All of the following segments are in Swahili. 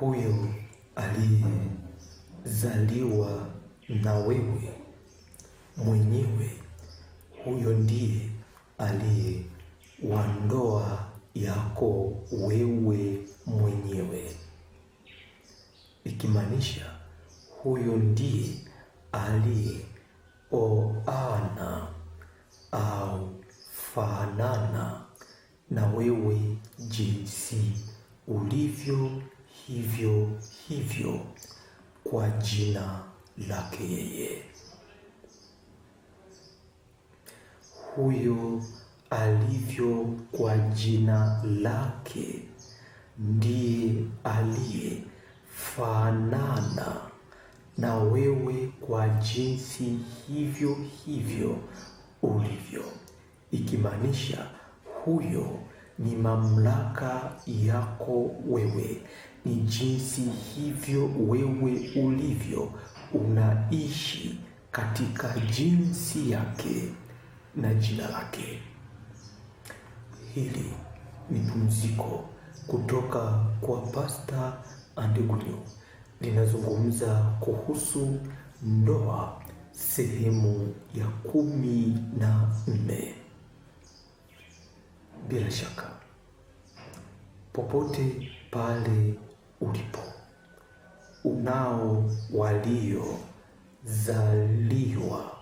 huyo aliyezaliwa na wewe mwenyewe, huyo ndiye aliye wa ndoa yako wewe mwenyewe, ikimaanisha huyo ndiye oana au fanana na wewe jinsi ulivyo hivyo hivyo kwa jina lake yeye. Huyo alivyo kwa jina lake ndiye aliye fanana na wewe kwa jinsi hivyo hivyo ulivyo, ikimaanisha huyo ni mamlaka yako wewe ni jinsi hivyo wewe ulivyo unaishi katika jinsi yake na jina lake. Hili ni pumziko kutoka kwa Pasta Andegunyu linazungumza kuhusu ndoa sehemu ya kumi na nne. Bila shaka popote pale ulipo. Unao waliozaliwa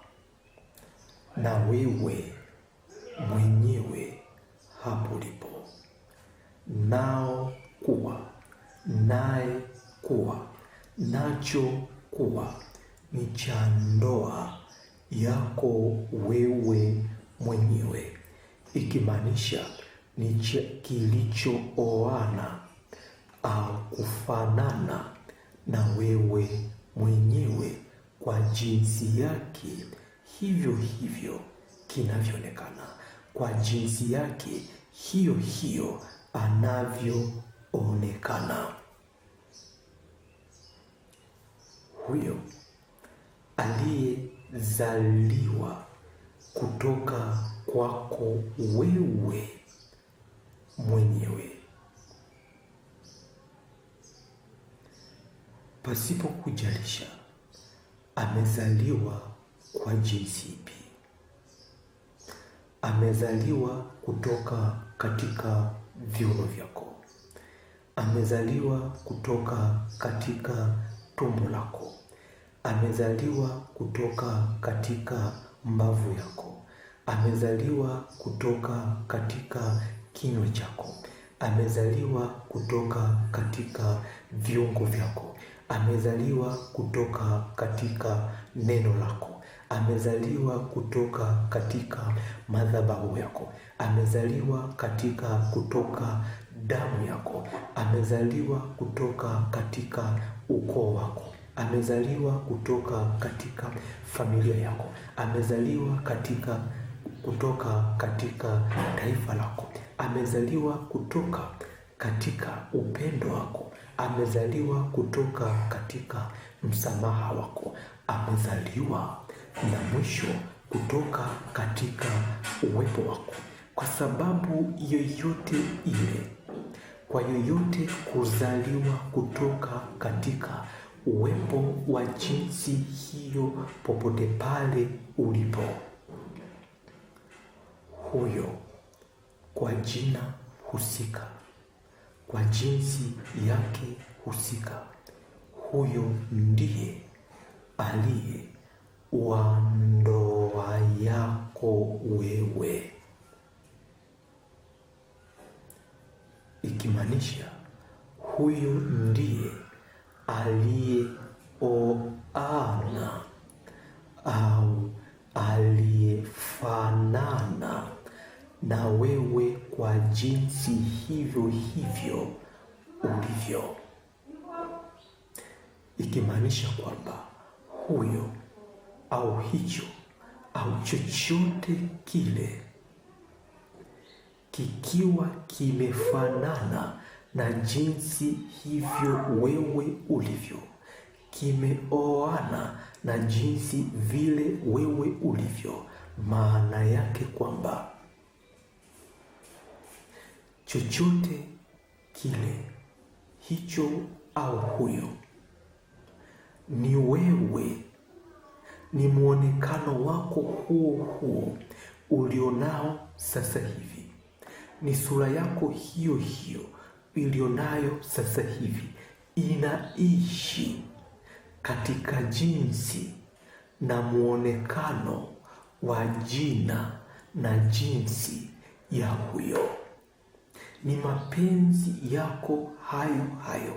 na wewe mwenyewe hapo ulipo, nao kuwa, naye kuwa, nacho kuwa ni cha ndoa yako wewe mwenyewe, ikimaanisha ni kilichooana uh, kufanana na wewe mwenyewe kwa jinsi yake hivyo hivyo kinavyoonekana, kwa jinsi yake hiyo hiyo anavyoonekana. Huyo aliyezaliwa kutoka kwako wewe mwenyewe pasipo kujalisha amezaliwa kwa jinsi ipi, amezaliwa kutoka katika viuno vyako, amezaliwa kutoka katika tumbo lako, amezaliwa kutoka katika mbavu yako, amezaliwa kutoka katika kinywa chako, amezaliwa kutoka katika viungo vyako amezaliwa kutoka katika neno lako, amezaliwa kutoka katika madhabahu yako, amezaliwa katika kutoka damu yako, amezaliwa kutoka katika ukoo wako amezaliwa kutoka katika familia yako, amezaliwa katika kutoka katika taifa lako, amezaliwa kutoka katika upendo wako, amezaliwa kutoka katika msamaha wako, amezaliwa na mwisho kutoka katika uwepo wako. Kwa sababu yoyote ile, kwa yoyote kuzaliwa kutoka katika uwepo wa jinsi hiyo, popote pale ulipo, huyo kwa jina husika kwa jinsi yake husika. Huyo ndiye aliye wa ndoa yako wewe, ikimaanisha huyo ndiye aliyeoana au aliyefanana na wewe kwa jina si hivyo hivyo ulivyo, ikimaanisha kwamba huyo au hicho au chochote kile kikiwa kimefanana na jinsi hivyo wewe ulivyo, kimeoana na jinsi vile wewe ulivyo, maana yake kwamba chochote kile hicho au huyo. Ni wewe, ni mwonekano wako huo huo ulionao sasa hivi, ni sura yako hiyo hiyo ulionayo sasa hivi, inaishi katika jinsi na mwonekano wa jina na jinsi ya huyo ni mapenzi yako hayo hayo,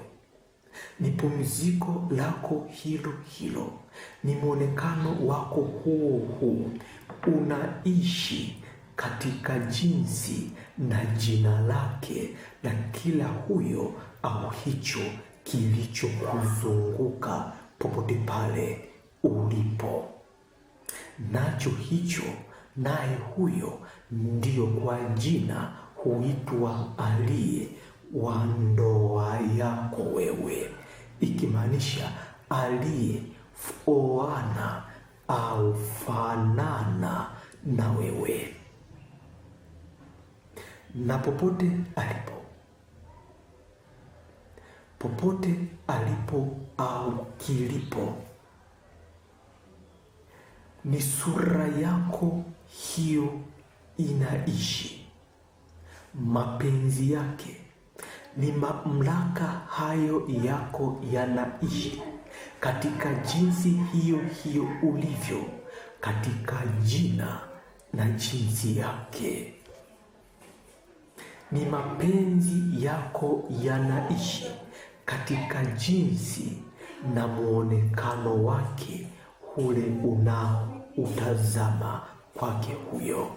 ni pumziko lako hilo hilo, ni mwonekano wako huo huo, unaishi katika jinsi na jina lake na kila huyo au hicho kilichokuzunguka popote pale ulipo nacho hicho, naye huyo, ndiyo kwa jina huitwa aliye wa ndoa yako wewe, ikimaanisha aliye oana au fanana na wewe, na popote alipo popote alipo au kilipo, ni sura yako hiyo inaishi mapenzi yake ni mamlaka hayo yako yanaishi katika jinsi hiyo hiyo ulivyo katika jina na jinsi yake. Ni mapenzi yako yanaishi katika jinsi na muonekano wake ule unao utazama kwake huyo.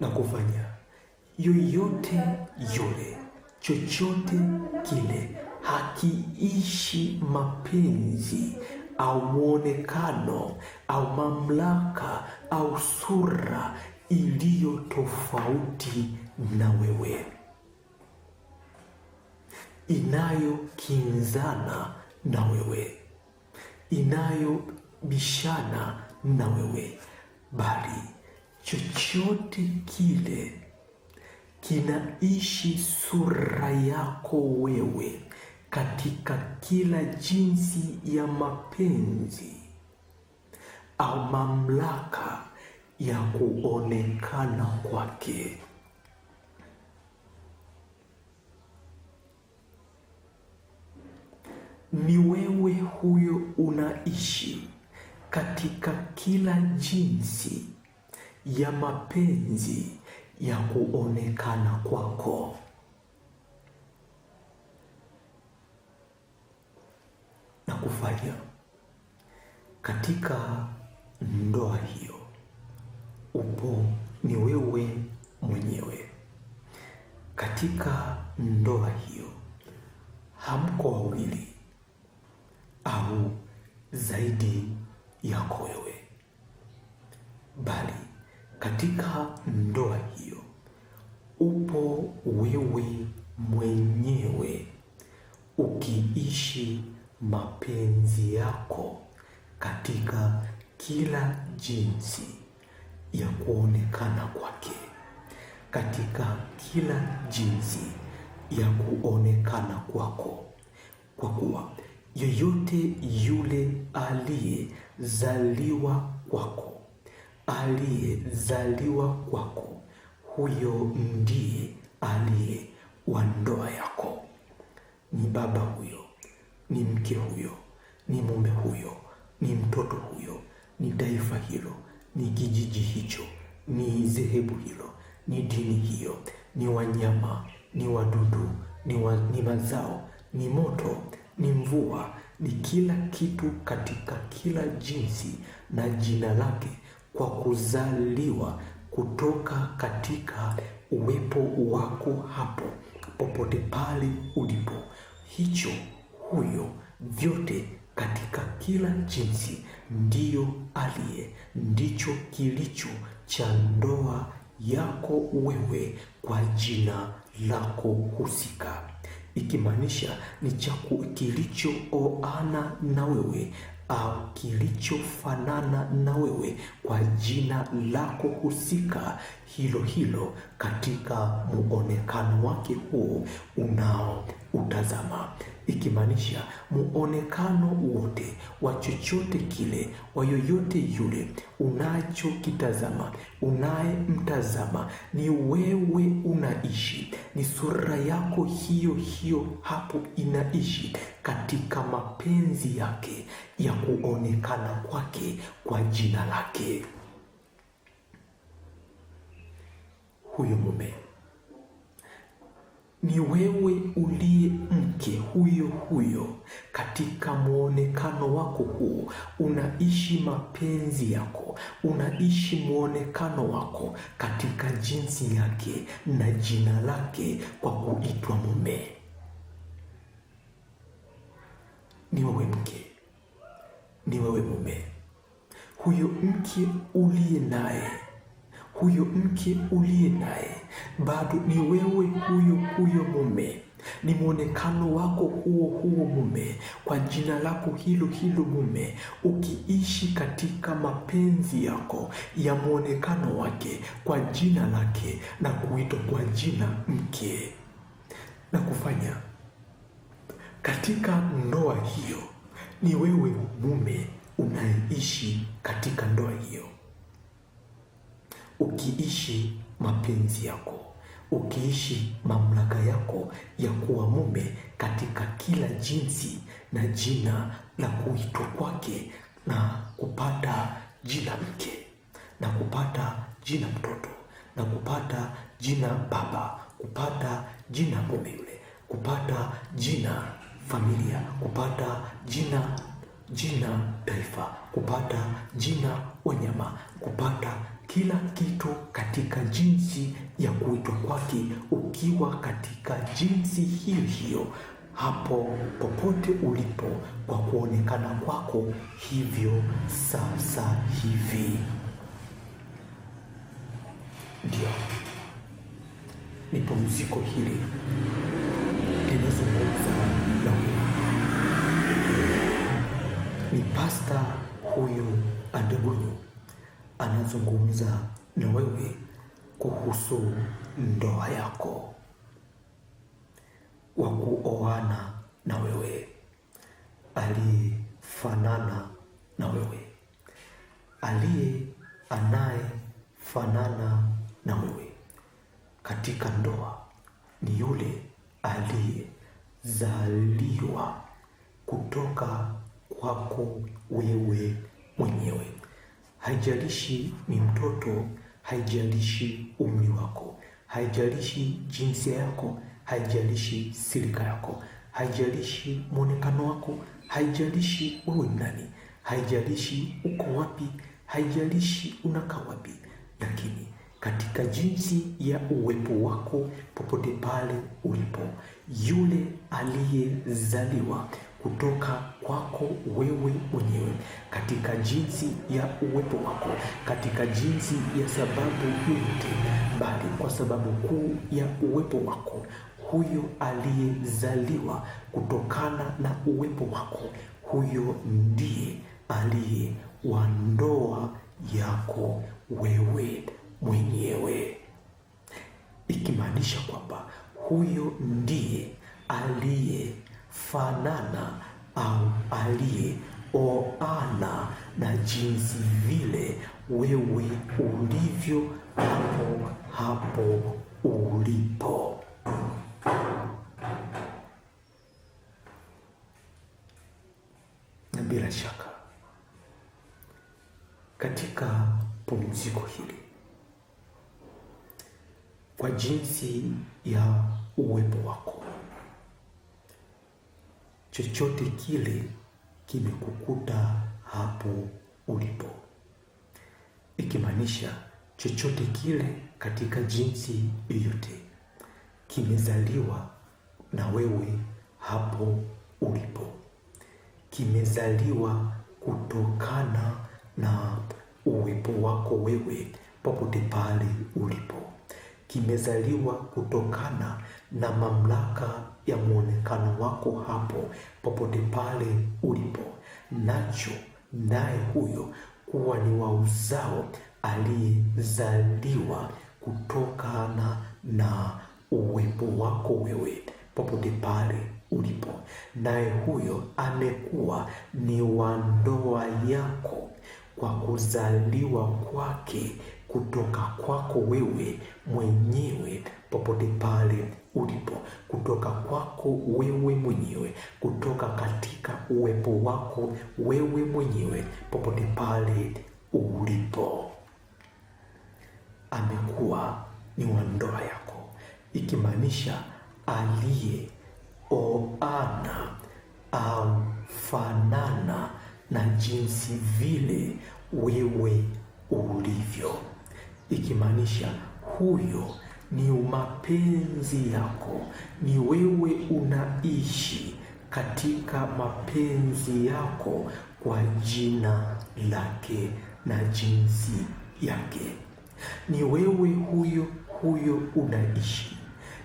na kufanya yoyote yule, chochote kile, hakiishi mapenzi au mwonekano au mamlaka au sura iliyo tofauti na wewe, inayokinzana na wewe, inayobishana na wewe, bali chochote kile kinaishi sura yako wewe katika kila jinsi ya mapenzi au mamlaka ya kuonekana kwake. Ni wewe huyo unaishi katika kila jinsi ya mapenzi ya kuonekana kwako. Na kufanya katika ndoa hiyo upo ni wewe mwenyewe. Katika ndoa hiyo hamko wawili au zaidi yako wewe, bali katika ndoa hiyo upo wewe mwenyewe ukiishi mapenzi yako katika kila jinsi ya kuonekana kwake, katika kila jinsi ya kuonekana kwako, kwa kuwa yoyote yule aliyezaliwa kwako aliyezaliwa kwako, huyo ndiye aliye wa ndoa yako. Ni baba huyo, ni mke huyo, ni mume huyo, ni mtoto huyo, ni taifa hilo, ni kijiji hicho, ni dhehebu hilo, ni dini hiyo, ni wanyama, ni wadudu, ni, wa, ni mazao, ni moto, ni mvua, ni kila kitu katika kila jinsi, na jina lake kwa kuzaliwa kutoka katika uwepo wako hapo popote pale ulipo, hicho huyo, vyote katika kila jinsi, ndiyo aliye, ndicho kilicho cha ndoa yako wewe kwa jina lako husika, ikimaanisha ni cha kilichooana na wewe au ah, kilichofanana na wewe kwa jina lako husika hilo hilo katika muonekano wake huo unao utazama, ikimaanisha muonekano wote wa chochote kile wa yoyote yule unachokitazama, unayemtazama ni wewe, unaishi ni sura yako hiyo hiyo hapo inaishi katika mapenzi yake ya kuonekana kwake kwa jina lake. Huyo mume ni wewe uliye mke huyo huyo, katika mwonekano wako huu unaishi mapenzi yako, unaishi mwonekano wako katika jinsi yake na jina lake kwa kuitwa mume. Ni wewe mke, ni wewe mume, huyo mke uliye naye, huyo mke uliye naye bado ni wewe huyo huyo mume, ni mwonekano wako huo huo mume, kwa jina lako hilo hilo mume, ukiishi katika mapenzi yako ya mwonekano wake kwa jina lake na kuitwa kwa jina mke, na kufanya katika ndoa hiyo, ni wewe mume unayeishi katika ndoa hiyo ukiishi mapenzi yako, ukiishi mamlaka yako ya kuwa mume katika kila jinsi na jina la kuitwa kwake na kupata jina mke na kupata jina mtoto na kupata jina baba, kupata jina mume yule, kupata jina familia, kupata jina jina taifa, kupata jina wanyama, kupata kila kitu katika jinsi ya kuitwa kwake, ukiwa katika jinsi hiyo hiyo hapo popote ulipo, kwa kuonekana kwako hivyo sasa hivi. Ndio ni pumziko hili linazungumza na ni pasta huyu Adegunyu anazungumza na wewe kuhusu ndoa yako, wa kuoana na wewe, alifanana na wewe, aliye anayefanana na wewe katika ndoa ni yule aliyezaliwa kutoka kwako wewe mwenyewe. Haijalishi ni mtoto, haijalishi umri wako, haijalishi jinsia yako, haijalishi silika yako, haijalishi mwonekano wako, haijalishi wewe nani, haijalishi uko wapi, haijalishi unakaa wapi, lakini katika jinsi ya uwepo wako popote pale ulipo, yule aliyezaliwa kutoka kwako wewe mwenyewe, katika jinsi ya uwepo wako, katika jinsi ya sababu yote, bali kwa sababu kuu ya uwepo wako, huyo aliyezaliwa kutokana na uwepo wako, huyo ndiye aliye wa ndoa yako wewe mwenyewe, ikimaanisha kwamba huyo ndiye aliye fanana au aliye oana na jinsi vile wewe ulivyo hapo hapo ulipo. Na bila shaka katika pumziko hili kwa jinsi ya uwepo wako chochote kile kimekukuta hapo ulipo, ikimaanisha chochote kile katika jinsi yoyote kimezaliwa na wewe hapo ulipo, kimezaliwa kutokana na uwepo wako wewe popote pale ulipo, kimezaliwa kutokana na mamlaka ya mwonekano wako hapo popote pale ulipo, nacho naye huyo kuwa ni wa uzao aliyezaliwa kutokana na uwepo wako wewe popote pale ulipo, naye huyo amekuwa ni wa ndoa yako kwa kuzaliwa kwake kutoka kwako wewe mwenyewe popote pale ulipo, kutoka kwako wewe mwenyewe, kutoka katika uwepo wako wewe mwenyewe, popote pale ulipo. Amekuwa ni wa ndoa yako, ikimaanisha aliyeoana au fanana na jinsi vile wewe ulivyo, ikimaanisha huyo ni mapenzi yako, ni wewe unaishi katika mapenzi yako kwa jina lake na jinsi yake. Ni wewe huyo huyo unaishi,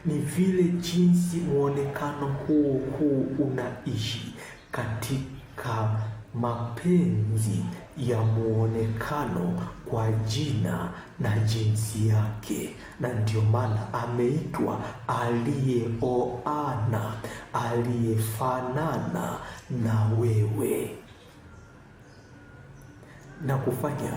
ni vile jinsi mwonekano huo huo unaishi katika mapenzi ya muonekano kwa jina na jinsi yake, na ndio maana ameitwa aliyeoana, aliyefanana na wewe, na kufanya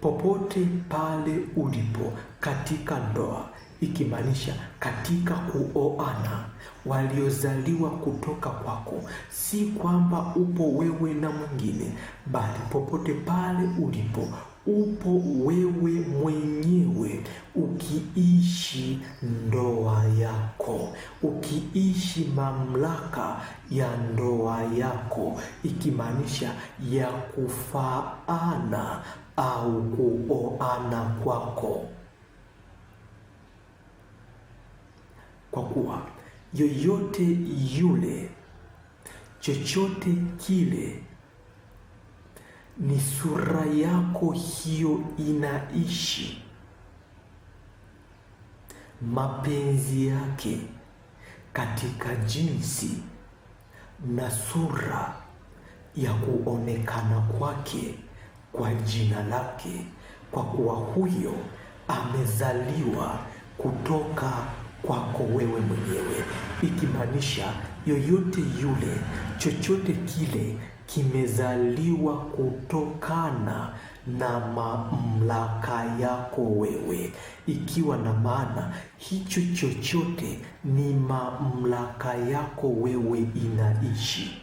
popote pale ulipo katika ndoa ikimaanisha katika kuoana waliozaliwa kutoka kwako, si kwamba upo wewe na mwingine, bali popote pale ulipo upo wewe mwenyewe ukiishi ndoa yako, ukiishi mamlaka ya ndoa yako, ikimaanisha ya kufaana au kuoana kwako. kwa kuwa yoyote yule, chochote kile, ni sura yako hiyo inaishi, mapenzi yake katika jinsi na sura ya kuonekana kwake kwa jina lake, kwa kuwa huyo amezaliwa kutoka kwako wewe mwenyewe, ikimaanisha yoyote yule, chochote kile kimezaliwa kutokana na mamlaka yako wewe, ikiwa na maana hicho chochote ni mamlaka yako wewe inaishi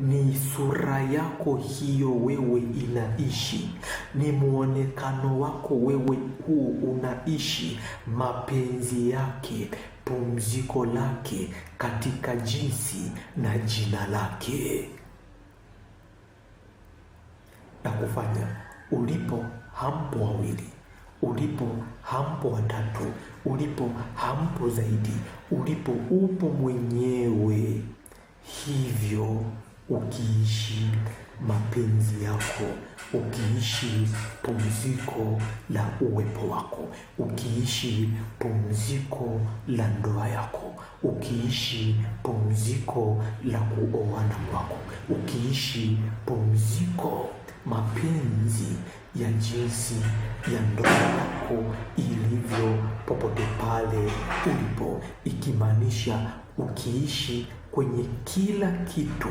ni sura yako hiyo wewe inaishi, ni mwonekano wako wewe huu unaishi, mapenzi yake, pumziko lake katika jinsi na jina lake, na kufanya ulipo hampo wawili, ulipo hampo watatu, ulipo hampo zaidi, ulipo upo mwenyewe hivyo ukiishi mapenzi yako, ukiishi pumziko la uwepo wako, ukiishi pumziko la ndoa yako, ukiishi pumziko la kuoana kwako, ukiishi pumziko mapenzi ya jinsi ya ndoa yako ilivyo popote pale ulipo, ikimaanisha ukiishi kwenye kila kitu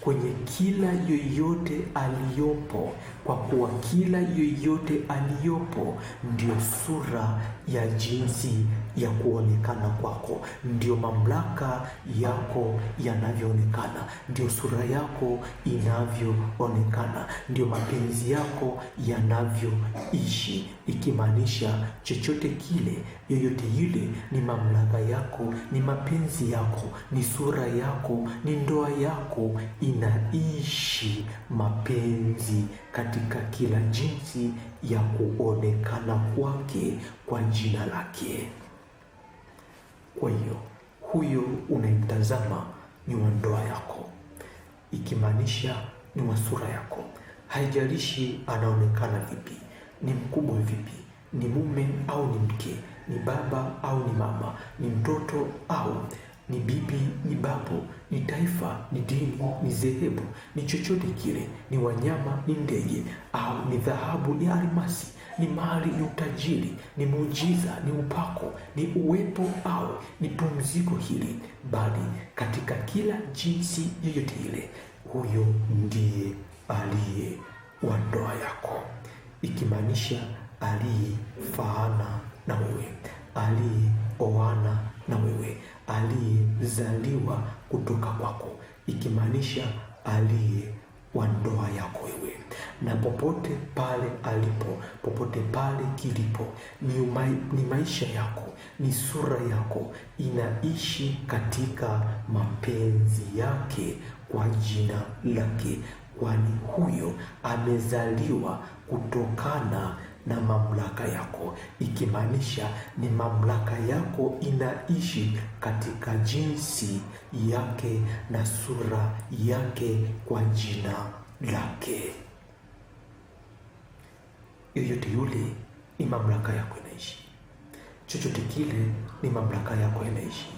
kwenye kila yoyote aliyopo, kwa kuwa kila yoyote aliyopo ndio sura ya jinsi ya kuonekana kwako, ndio mamlaka yako yanavyoonekana, ndio sura yako inavyoonekana, ndio mapenzi yako yanavyoishi ikimaanisha chochote kile, yoyote yule, ni mamlaka yako, ni mapenzi yako, ni sura yako, ni ndoa yako, inaishi mapenzi katika kila jinsi ya kuonekana kwake kwa jina lake. Kwa hiyo huyo unayemtazama ni wa ndoa yako, ikimaanisha ni wa sura yako, haijalishi anaonekana vipi ni mkubwa vipi, ni mume au ni mke, ni baba au ni mama, ni mtoto au ni bibi, ni babu, ni taifa, ni dini, ni dhehebu, ni chochote kile, ni wanyama, ni ndege au ni dhahabu, ni almasi, ni mali, ni utajiri, ni muujiza, ni upako, ni uwepo au ni pumziko hili, bali katika kila jinsi yoyote ile, huyo ndiye aliye wa ndoa yako ikimaanisha aliyefaana na wewe, aliyeoana na wewe, aliyezaliwa kutoka kwako, ikimaanisha aliye wa ndoa yako wewe. Na popote pale alipo, popote pale kilipo, ni, umai, ni maisha yako, ni sura yako, inaishi katika mapenzi yake kwa jina lake kwani huyo amezaliwa kutokana na mamlaka yako, ikimaanisha ni mamlaka yako inaishi katika jinsi yake na sura yake kwa jina lake. Yoyote yule ni mamlaka yako inaishi, chochote kile ni mamlaka yako inaishi,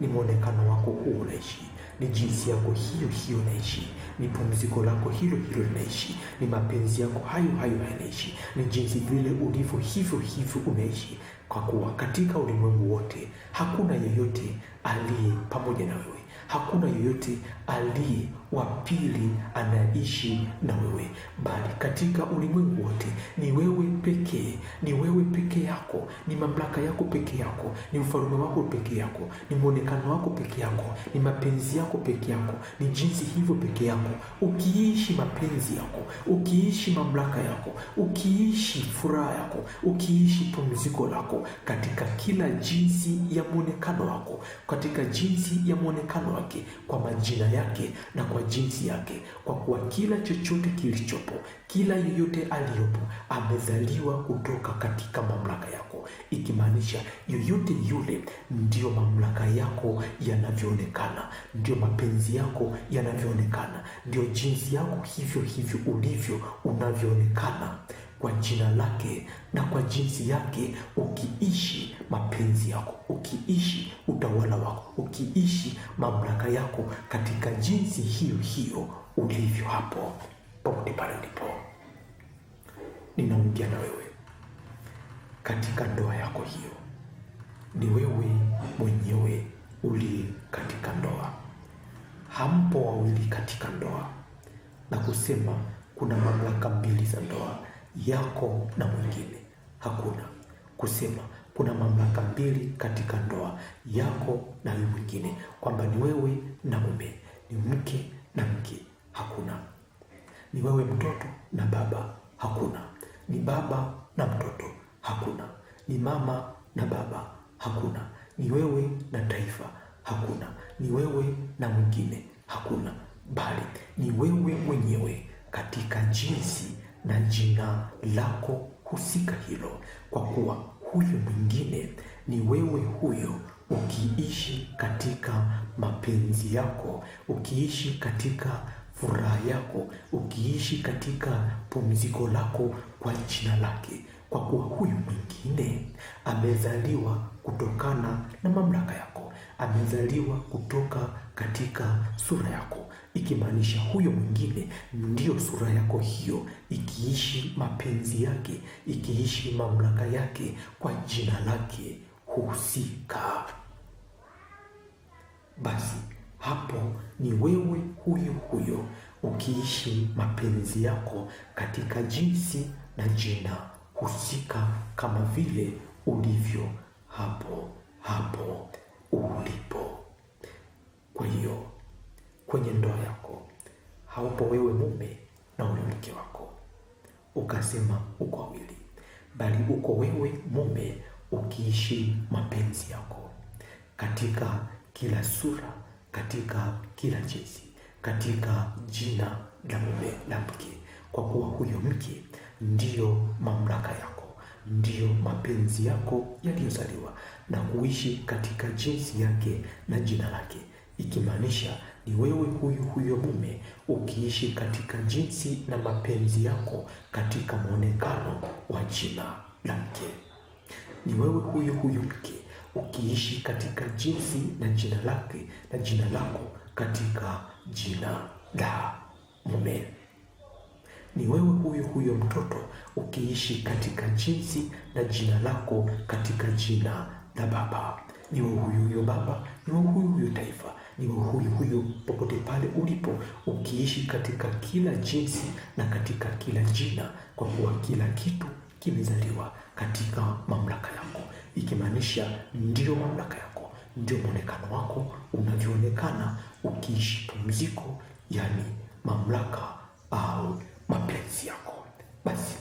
ni mwonekano wako huo unaishi, ni jinsi yako hiyo hiyo inaishi ni pumziko lako hilo hilo linaishi, ni mapenzi yako hayo hayo yanaishi, ni jinsi vile ulivyo hivyo hivyo unaishi, kwa kuwa katika ulimwengu wote hakuna yeyote aliye pamoja na wewe, hakuna yeyote aliye wa pili anaishi na wewe, bali katika ulimwengu wote ni wewe pekee, ni wewe peke yako, ni mamlaka yako peke yako, ni ufalume wako peke yako, ni mwonekano wako peke yako, ni mapenzi yako peke yako, ni jinsi hivyo peke yako. Ukiishi mapenzi yako, ukiishi mamlaka yako, ukiishi furaha yako, ukiishi pumziko lako, katika kila jinsi ya mwonekano wako, katika jinsi ya mwonekano wake, kwa majina yake na kwa jinsi yake, kwa kuwa kila chochote kilichopo, kila yoyote aliyopo amezaliwa kutoka katika mamlaka yako, ikimaanisha yoyote yule, ndiyo mamlaka yako yanavyoonekana, ndiyo mapenzi yako yanavyoonekana, ndiyo jinsi yako hivyo hivyo ulivyo unavyoonekana kwa jina lake na kwa jinsi yake, ukiishi mapenzi yako, ukiishi utawala wako, ukiishi mamlaka yako katika jinsi hiyo hiyo ulivyo hapo popote pale ulipo, ninaongea na wewe katika ndoa yako hiyo. Ni wewe mwenyewe uli katika ndoa, hampo wawili katika ndoa, na kusema kuna mamlaka mbili za ndoa yako na mwingine. Hakuna kusema kuna mamlaka mbili katika ndoa yako na yule mwingine, kwamba ni wewe na mume, ni mke na mke, hakuna. Ni wewe mtoto na baba, hakuna. Ni baba na mtoto, hakuna. Ni mama na baba, hakuna. Ni wewe na taifa, hakuna. Ni wewe na mwingine, hakuna, bali ni wewe mwenyewe katika jinsi na jina lako husika hilo, kwa kuwa huyo mwingine ni wewe huyo ukiishi katika mapenzi yako, ukiishi katika furaha yako, ukiishi katika pumziko lako kwa jina lake, kwa kuwa huyu mwingine amezaliwa kutokana na mamlaka yako, amezaliwa kutoka katika sura yako ikimaanisha huyo mwingine ndiyo sura yako hiyo, ikiishi mapenzi yake, ikiishi mamlaka yake kwa jina lake husika. Basi hapo ni wewe huyo huyo ukiishi mapenzi yako katika jinsi na jina husika, kama vile ulivyo hapo hapo ulipo. Kwa hiyo kwenye ndoa yako, haupo wewe mume na ule mke wako ukasema uko wawili, bali uko wewe mume ukiishi mapenzi yako katika kila sura, katika kila jinsi, katika jina la mume la mke, kwa kuwa huyo mke ndiyo mamlaka yako, ndiyo mapenzi yako yaliyozaliwa na kuishi katika jinsi yake na jina lake, ikimaanisha ni wewe huyu huyo mume ukiishi katika jinsi na mapenzi yako katika mwonekano wa jina lake. Ni wewe huyu huyu mke ukiishi katika jinsi na jina lake na jina lako katika jina la mume. Ni wewe huyu huyo mtoto ukiishi katika jinsi na jina lako katika jina la baba. Ni wewe huyu huyo baba, ni wewe huyu huyo taifa ni huyu huyu popote pale ulipo, ukiishi katika kila jinsi na katika kila jina, kwa kuwa kila kitu kimezaliwa katika mamlaka yako, ikimaanisha ndio mamlaka yako, ndio mwonekano wako unavyoonekana ukiishi pumziko, yani mamlaka au mapenzi yako. Basi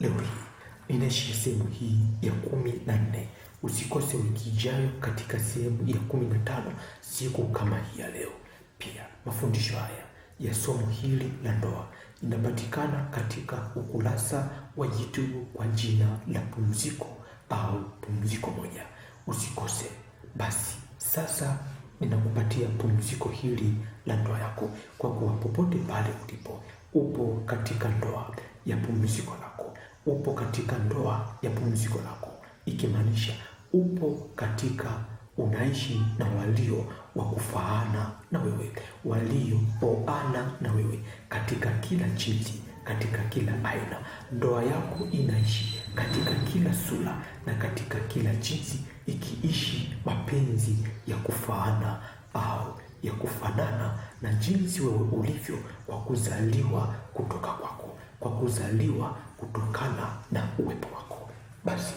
leo hii ninaishi sehemu hii ya kumi na nne. Usikose wiki ijayo katika sehemu ya kumi na tano siku kama hii ya leo. Pia mafundisho haya ya somo hili la ndoa inapatikana katika ukurasa wa YouTube kwa jina la Pumziko au Pumziko Moja. Usikose. Basi sasa ninakupatia pumziko hili la ndoa yako, kwa kuwa popote pale ulipo, upo katika ndoa ya pumziko lako, upo katika ndoa ya pumziko lako, ikimaanisha upo katika unaishi na walio wa kufaana na wewe, waliooana na wewe, katika kila jinsi, katika kila aina. Ndoa yako inaishi katika kila sura na katika kila jinsi, ikiishi mapenzi ya kufaana au ya kufanana na jinsi wewe ulivyo, kwa kuzaliwa kutoka kwako, kwa kuzaliwa kutokana na uwepo wako basi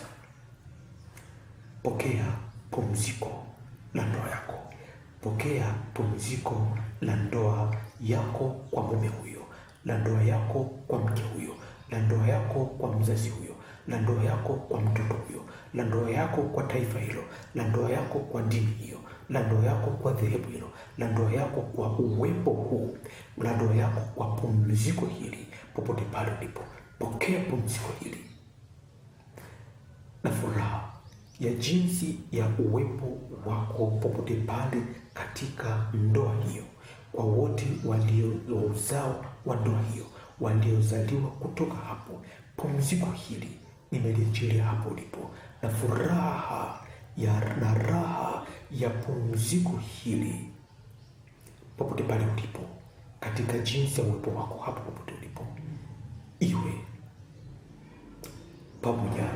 Pokea pumziko la ndoa yako, pokea pumziko la ndoa yako kwa mume huyo, la ndoa yako kwa mke huyo, la ndoa yako kwa mzazi huyo, la ndoa yako kwa mtoto huyo, la ndoa yako kwa taifa hilo, la ndoa yako kwa dini hiyo, la ndoa yako kwa dhehebu hilo, la ndoa yako kwa uwepo huu, la ndoa yako kwa pumziko hili, popote pale ulipo, pokea pumziko hili na furaha ya jinsi ya uwepo wako popote pale katika ndoa hiyo, kwa wote walio uzao wa ndoa hiyo waliozaliwa kutoka hapo. Pumziko hili nimeliachilia hapo ulipo, na furaha ya na raha ya pumziko hili popote pale ulipo, katika jinsi ya uwepo wako hapo popote ulipo, iwe pamoja